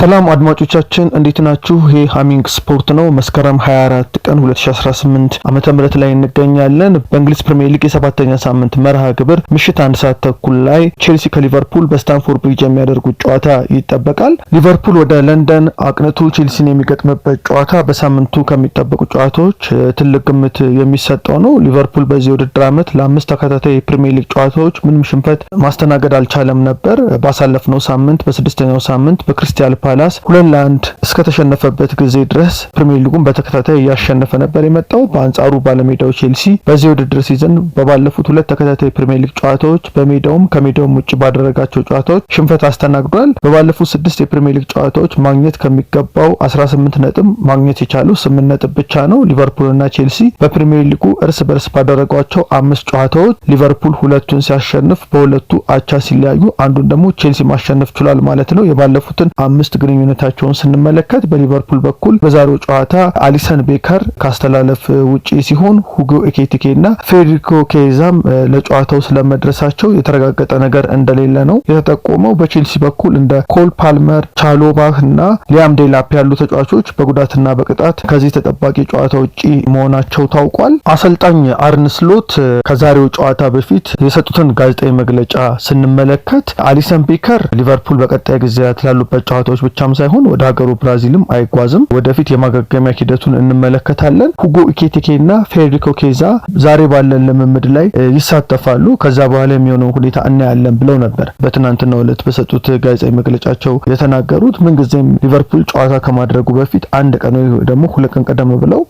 ሰላም አድማጮቻችን እንዴት ናችሁ? ይሄ ሃሚንግ ስፖርት ነው። መስከረም 24 ቀን 2018 ዓመተ ምህረት ላይ እንገኛለን። በእንግሊዝ ፕሪሚየር ሊግ የሰባተኛ ሳምንት መርሃ ግብር ምሽት አንድ ሰዓት ተኩል ላይ ቼልሲ ከሊቨርፑል በስታንፎርድ ብሪጅ የሚያደርጉት ጨዋታ ይጠበቃል። ሊቨርፑል ወደ ለንደን አቅንቶ ቼልሲን የሚገጥምበት ጨዋታ በሳምንቱ ከሚጠበቁ ጨዋታዎች ትልቅ ግምት የሚሰጠው ነው። ሊቨርፑል በዚህ ውድድር ዓመት ለአምስት ተከታታይ የፕሪሚየር ሊግ ጨዋታዎች ምንም ሽንፈት ማስተናገድ አልቻለም ነበር። ባሳለፍነው ሳምንት በስድስተኛው ሳምንት በክርስቲያል ፓላስ ሁለት ለአንድ እስከተሸነፈበት ጊዜ ድረስ ፕሪሚየር ሊጉን በተከታታይ እያሸነፈ ነበር የመጣው። በአንጻሩ ባለሜዳው ቼልሲ በዚህ ውድድር ሲዘን በባለፉት ሁለት ተከታታይ ፕሪሚየር ሊግ ጨዋታዎች በሜዳውም ከሜዳውም ውጭ ባደረጋቸው ጨዋታዎች ሽንፈት አስተናግዷል። በባለፉት ስድስት የፕሪሚየር ሊግ ጨዋታዎች ማግኘት ከሚገባው 18 ነጥብ ማግኘት የቻለው ስምንት ነጥብ ብቻ ነው። ሊቨርፑልና ቼልሲ በፕሪሚየር ሊጉ እርስ በርስ ባደረጓቸው አምስት ጨዋታዎች ሊቨርፑል ሁለቱን ሲያሸንፍ በሁለቱ አቻ ሲለያዩ አንዱን ደግሞ ቼልሲ ማሸነፍ ችሏል ማለት ነው። የባለፉትን አምስት ውስጥ ግንኙነታቸውን ስንመለከት በሊቨርፑል በኩል በዛሬው ጨዋታ አሊሰን ቤከር ካስተላለፍ ውጪ ሲሆን ሁጎ ኤኬቲኬ እና ፌዴሪኮ ኬዛም ለጨዋታው ስለመድረሳቸው የተረጋገጠ ነገር እንደሌለ ነው የተጠቆመው። በቼልሲ በኩል እንደ ኮል ፓልመር፣ ቻሎባህ እና ሊያም ዴላፕ ያሉ ተጫዋቾች በጉዳትና በቅጣት ከዚህ ተጠባቂ ጨዋታ ውጪ መሆናቸው ታውቋል። አሰልጣኝ አርንስሎት ከዛሬው ጨዋታ በፊት የሰጡትን ጋዜጣዊ መግለጫ ስንመለከት አሊሰን ቤከር ሊቨርፑል በቀጣይ ጊዜያት ላሉበት ጨዋታዎች ተጫዋች ብቻም ሳይሆን ወደ ሀገሩ ብራዚልም አይጓዝም። ወደፊት የማገገሚያ ሂደቱን እንመለከታለን። ሁጎ ኢኬቴኬና ፌዴሪኮ ኬዛ ዛሬ ባለን ልምምድ ላይ ይሳተፋሉ። ከዛ በኋላ የሚሆነው ሁኔታ እናያለን ብለው ነበር በትናንትናው ዕለት በሰጡት ጋዜጣዊ መግለጫቸው የተናገሩት። ምንጊዜም ሊቨርፑል ጨዋታ ከማድረጉ በፊት አንድ ቀን ወይ ደግሞ ሁለት ቀን ቀደም ብለው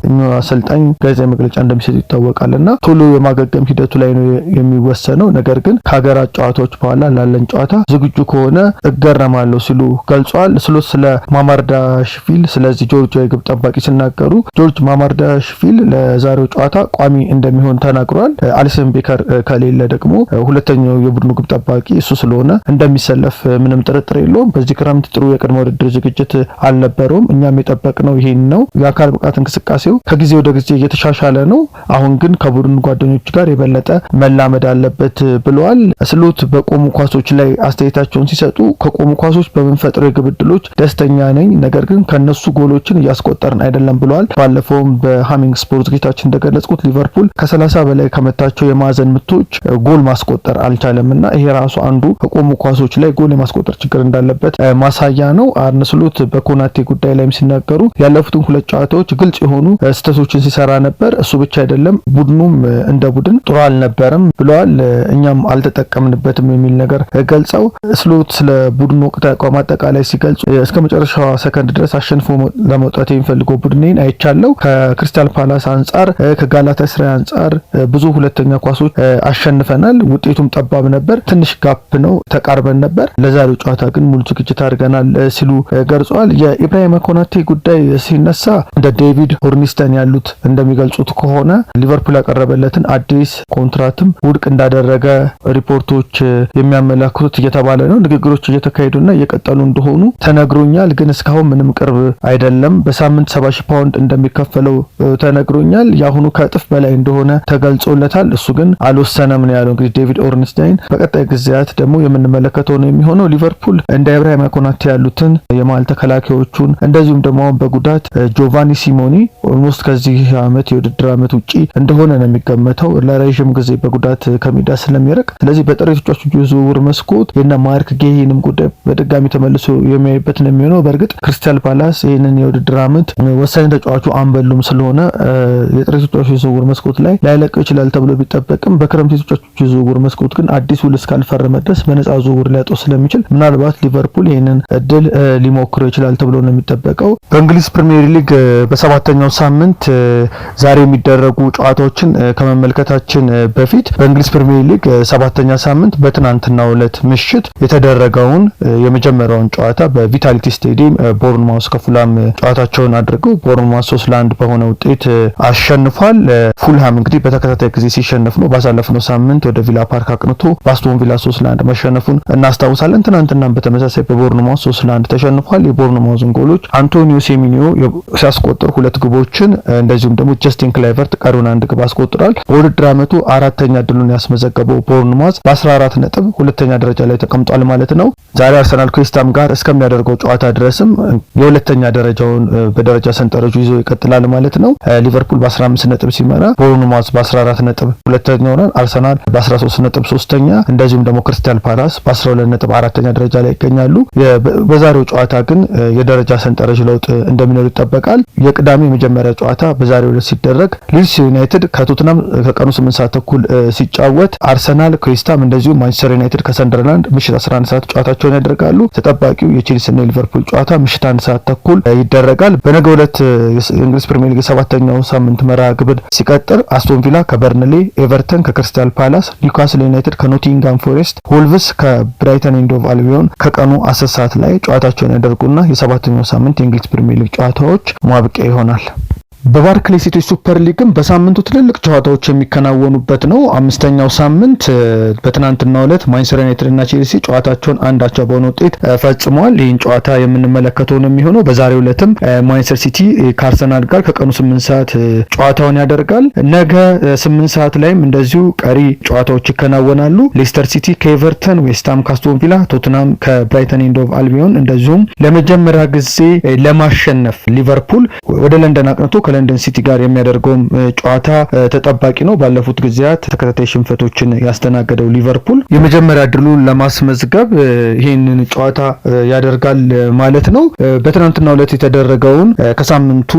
አሰልጣኝ ጋዜጣዊ መግለጫ እንደሚሰጥ ይታወቃል እና ቶሎ የማገገም ሂደቱ ላይ ነው የሚወሰነው። ነገር ግን ከሀገራት ጨዋታዎች በኋላ ላለን ጨዋታ ዝግጁ ከሆነ እገረማለሁ ሲሉ ገልጿል። ስሎት ስለ ማማርዳሽቪሊ ስለዚህ ጆርጅ የግብ ጠባቂ ሲናገሩ ጆርጅ ማማርዳሽቪሊ ለዛሬው ጨዋታ ቋሚ እንደሚሆን ተናግሯል። አሊሰን ቤከር ከሌለ ደግሞ ሁለተኛው የቡድኑ ግብ ጠባቂ እሱ ስለሆነ እንደሚሰለፍ ምንም ጥርጥር የለውም። በዚህ ክረምት ጥሩ የቅድመ ውድድር ዝግጅት አልነበረውም። እኛም የጠበቅነው ይሄን ነው። የአካል ብቃት እንቅስቃሴው ከጊዜ ወደ ጊዜ እየተሻሻለ ነው። አሁን ግን ከቡድን ጓደኞች ጋር የበለጠ መላመድ አለበት ብለዋል። ስሎት በቆሙ ኳሶች ላይ አስተያየታቸውን ሲሰጡ ከቆሙ ኳሶች በምንፈጥረው የግብ ጎሎች ደስተኛ ነኝ፣ ነገር ግን ከነሱ ጎሎችን እያስቆጠርን አይደለም ብለዋል። ባለፈውም በሃሚንግ ስፖርት ዝግጅታችን እንደገለጽኩት ሊቨርፑል ከሰላሳ በላይ ከመታቸው የማዕዘን ምቶች ጎል ማስቆጠር አልቻለም እና ይሄ ራሱ አንዱ ከቆሙ ኳሶች ላይ ጎል የማስቆጠር ችግር እንዳለበት ማሳያ ነው። አርነ ስሎት በኮናቴ ጉዳይ ላይም ሲናገሩ ያለፉትን ሁለት ጨዋታዎች ግልጽ የሆኑ ስህተቶችን ሲሰራ ነበር። እሱ ብቻ አይደለም ቡድኑም እንደ ቡድን ጥሩ አልነበረም ብለዋል። እኛም አልተጠቀምንበትም የሚል ነገር ገልጸው ስሎት ስለ ቡድኑ ወቅት አቋም አጠቃላይ ሲገልጹ ተጫዋቾች እስከ መጨረሻዋ ሰከንድ ድረስ አሸንፎ ለመውጣት የሚፈልገው ቡድኔን አይቻለው። ከክሪስታል ፓላስ አንጻር ከጋላታ ስራይ አንጻር ብዙ ሁለተኛ ኳሶች አሸንፈናል። ውጤቱም ጠባብ ነበር። ትንሽ ጋፕ ነው፣ ተቃርበን ነበር። ለዛሬው ጨዋታ ግን ሙሉ ዝግጅት አድርገናል ሲሉ ገልጸዋል። የኢብራሂም ኮናቴ ጉዳይ ሲነሳ እንደ ዴቪድ ሆርኒስተን ያሉት እንደሚገልጹት ከሆነ ሊቨርፑል ያቀረበለትን አዲስ ኮንትራትም ውድቅ እንዳደረገ ሪፖርቶች የሚያመላክቱት እየተባለ ነው። ንግግሮች እየተካሄዱና እየቀጠሉ እንደሆኑ ተነግሮኛል፣ ግን እስካሁን ምንም ቅርብ አይደለም። በሳምንት ሰባ ሺህ ፓውንድ እንደሚከፈለው ተነግሮኛል። የአሁኑ ከእጥፍ በላይ እንደሆነ ተገልጾለታል። እሱ ግን አልወሰነም ነው ያለው። እንግዲህ ዴቪድ ኦርንስታይን በቀጣይ ጊዜያት ደግሞ የምንመለከተው ነው የሚሆነው። ሊቨርፑል እንደ ኢብራሂማ ኮናቴ ያሉትን የመሀል ተከላካዮቹን እንደዚሁም ደግሞ አሁን በጉዳት ጆቫኒ ሲሞኒ ኦልሞስት ከዚህ አመት የውድድር አመት ውጪ እንደሆነ ነው የሚገመተው ለረዥም ጊዜ በጉዳት ከሜዳ ስለሚርቅ። ስለዚህ በጥሬ ተጫዋቾቹ መስኮት የነ ማርክ ጌሂንም ጉዳይ በድጋሚ ተመልሶ የሚያይ የሚያይበት ነው የሚሆነው። በእርግጥ ክሪስታል ፓላስ ይህንን የውድድር ዓመት ወሳኝ ተጫዋቹ አንበሉም ስለሆነ የጥሬ ተጫዋቹ የዝውውር መስኮት ላይ ላይለቀው ይችላል ተብሎ ቢጠበቅም በክረምት የተጫዋቾች የዝውውር መስኮት ግን አዲስ ውል እስካልፈረመ ድረስ በነጻ ዝውውር ሊያጦ ስለሚችል ምናልባት ሊቨርፑል ይህንን እድል ሊሞክረው ይችላል ተብሎ ነው የሚጠበቀው። በእንግሊዝ ፕሪሚየር ሊግ በሰባተኛው ሳምንት ዛሬ የሚደረጉ ጨዋታዎችን ከመመልከታችን በፊት በእንግሊዝ ፕሪሚየር ሊግ ሰባተኛ ሳምንት በትናንትናው ዕለት ምሽት የተደረገውን የመጀመሪያውን ጨዋታ ቪታሊቲ ስቴዲየም ቦርንማውስ ከፉላም ጨዋታቸውን አድርገው ቦርንማውስ ሶስት ለአንድ በሆነ ውጤት አሸንፏል። ፉልሃም እንግዲህ በተከታታይ ጊዜ ሲሸነፍ ነው ባሳለፍነው ሳምንት ወደ ቪላ ፓርክ አቅንቶ በአስቶን ቪላ ሶስት ለአንድ መሸነፉን እናስታውሳለን። ትናንትናም በተመሳሳይ በቦርንማውስ ሶስት ለአንድ ተሸንፏል። የቦርንማውዝን ጎሎች አንቶኒዮ ሴሚኒዮ ሲያስቆጥር ሁለት ግቦችን እንደዚሁም ደግሞ ጀስቲን ክላይቨርት ቀሪውን አንድ ግብ አስቆጥሯል። በውድድር ዓመቱ አራተኛ ድሉን ያስመዘገበው ቦርንማውዝ በ14 ነጥብ ሁለተኛ ደረጃ ላይ ተቀምጧል ማለት ነው። ዛሬ አርሰናል ክሪስታም ጋር እስከሚያደርግ እስከሚያደርገው ጨዋታ ድረስም የሁለተኛ ደረጃውን በደረጃ ሰንጠረዡ ይዞ ይቀጥላል ማለት ነው። ሊቨርፑል በ15 ነጥብ ሲመራ ቦርንማውዝ በ14 ነጥብ ሁለተኛ ሆኗል። አርሰናል በ13 ነጥብ ሶስተኛ፣ እንደዚሁም ደግሞ ክሪስታል ፓላስ በ12 ነጥብ አራተኛ ደረጃ ላይ ይገኛሉ። በዛሬው ጨዋታ ግን የደረጃ ሰንጠረዥ ለውጥ እንደሚኖር ይጠበቃል። የቅዳሜ የመጀመሪያ ጨዋታ በዛሬው ዕለት ሲደረግ ሊድስ ዩናይትድ ከቶትናም ከቀኑ 8 ሰዓት ተኩል ሲጫወት አርሰናል፣ ክሪስታም እንደዚሁም ማንቸስተር ዩናይትድ ከሰንደርላንድ ምሽት 11 ሰዓት ጨዋታቸውን ያደርጋሉ። ተጠባቂው የቼልሲ የቼልሲ እና ሊቨርፑል ጨዋታ ምሽት አንድ ሰዓት ተኩል ይደረጋል። በነገው ዕለት የእንግሊዝ ፕሪሚየር ሊግ ሰባተኛው ሳምንት መርሃ ግብር ሲቀጥል አስቶን ቪላ ከበርንሌ፣ ኤቨርተን ከክሪስታል ፓላስ፣ ኒውካስል ዩናይትድ ከኖቲንጋም ፎሬስት፣ ሆልቭስ ከብራይተን ኢንዶቭ አልቢዮን ከቀኑ አስር ሰዓት ላይ ጨዋታቸውን ያደርጉና የሰባተኛው ሳምንት የእንግሊዝ ፕሪሚየር ሊግ ጨዋታዎች ማብቂያ ይሆናል። በባርክሌይ ሴቶች ሱፐር ሊግም በሳምንቱ ትልልቅ ጨዋታዎች የሚከናወኑበት ነው። አምስተኛው ሳምንት በትናንትናው ዕለት ዩናይትድ እና ቼልሲ ጨዋታቸውን አንዳቸው በሆነ ውጤት ፈጽመዋል። ይህን ጨዋታ የምንመለከተው ነው የሚሆነው። በዛሬው ዕለትም ማንቸስተር ሲቲ ከአርሰናል ጋር ከቀኑ ስምንት ሰዓት ጨዋታውን ያደርጋል። ነገ ስምንት ሰዓት ላይም እንደዚሁ ቀሪ ጨዋታዎች ይከናወናሉ። ሌስተር ሲቲ ከኤቨርተን፣ ዌስትሃም ከአስቶን ቪላ፣ ቶትናም ከብራይተን ኤንድ ኦቭ አልቢዮን እንደዚሁም ለመጀመሪያ ጊዜ ለማሸነፍ ሊቨርፑል ወደ ለንደን አቅንቶ ከለንደን ሲቲ ጋር የሚያደርገውም ጨዋታ ተጠባቂ ነው። ባለፉት ጊዜያት ተከታታይ ሽንፈቶችን ያስተናገደው ሊቨርፑል የመጀመሪያ ድሉን ለማስመዝገብ ይህንን ጨዋታ ያደርጋል ማለት ነው። በትናንትናው ዕለት የተደረገውን ከሳምንቱ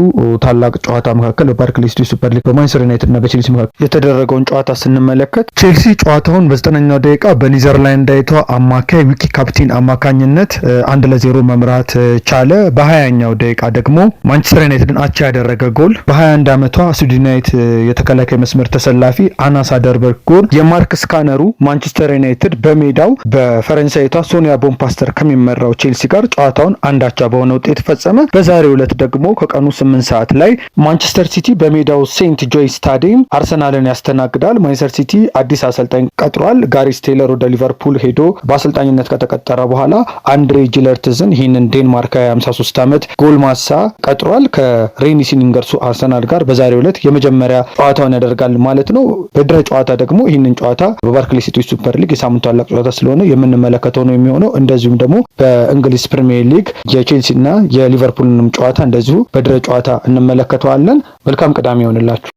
ታላቅ ጨዋታ መካከል በባርክሌስ ሱፐር ሊግ በማንቸስተር ዩናይትድ እና በቼልሲ መካከል የተደረገውን ጨዋታ ስንመለከት ቼልሲ ጨዋታውን በዘጠነኛው ደቂቃ በኒዘርላንዳዊቷ አማካይ ዊኪ ካፕቲን አማካኝነት አንድ ለዜሮ መምራት ቻለ። በሀያኛው ደቂቃ ደግሞ ማንቸስተር ዩናይትድን አቻ ያደረገ ጎል በ21 ዓመቷ ስዊድናዊት የተከላካይ መስመር ተሰላፊ አናሳ ሳደርበርግ ጎል የማርክ ስካነሩ ማንቸስተር ዩናይትድ በሜዳው በፈረንሳይቷ ሶኒያ ቦምፓስተር ከሚመራው ቼልሲ ጋር ጨዋታውን አንዳቻ በሆነ ውጤት ፈጸመ። በዛሬው ዕለት ደግሞ ከቀኑ 8 ሰዓት ላይ ማንቸስተር ሲቲ በሜዳው ሴንት ጆይ ስታዲየም አርሰናልን ያስተናግዳል። ማንቸስተር ሲቲ አዲስ አሰልጣኝ ቀጥሯል። ጋሪስ ቴይለር ወደ ሊቨርፑል ሄዶ በአሰልጣኝነት ከተቀጠረ በኋላ አንድሬ ጅለርትዝን ይህንን ዴንማርካዊ 53 ዓመት ጎልማሳ ቀጥሯል ከሬኒ ሲኒንገርስ አርሰናል ጋር በዛሬው ዕለት የመጀመሪያ ጨዋታውን ያደርጋል ማለት ነው። በድረ ጨዋታ ደግሞ ይህንን ጨዋታ በባርክሌ ሲቲ ሱፐር ሊግ የሳምንቱ ታላቅ ጨዋታ ስለሆነ የምንመለከተው ነው የሚሆነው። እንደዚሁም ደግሞ በእንግሊዝ ፕሪሚየር ሊግ የቼልሲና የሊቨርፑልንም ጨዋታ እንደዚሁ በድረ ጨዋታ እንመለከተዋለን። መልካም ቅዳሜ ይሆንላችሁ።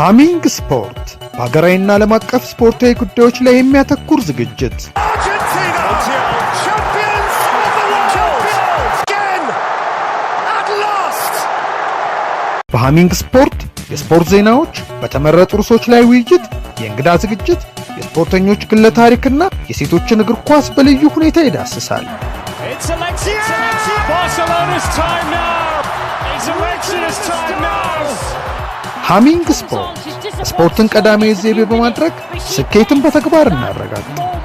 ሃሚንግ ስፖርት በሀገራዊና ዓለም አቀፍ ስፖርታዊ ጉዳዮች ላይ የሚያተኩር ዝግጅት በሃሚንግ ስፖርት የስፖርት ዜናዎች፣ በተመረጡ ርዕሶች ላይ ውይይት፣ የእንግዳ ዝግጅት፣ የስፖርተኞች ግለ ታሪክና የሴቶችን እግር ኳስ በልዩ ሁኔታ ይዳስሳል። ሃሚንግ ስፖርት ስፖርትን ቀዳሚ ዘይቤ በማድረግ ስኬትን በተግባር እናረጋግጥ።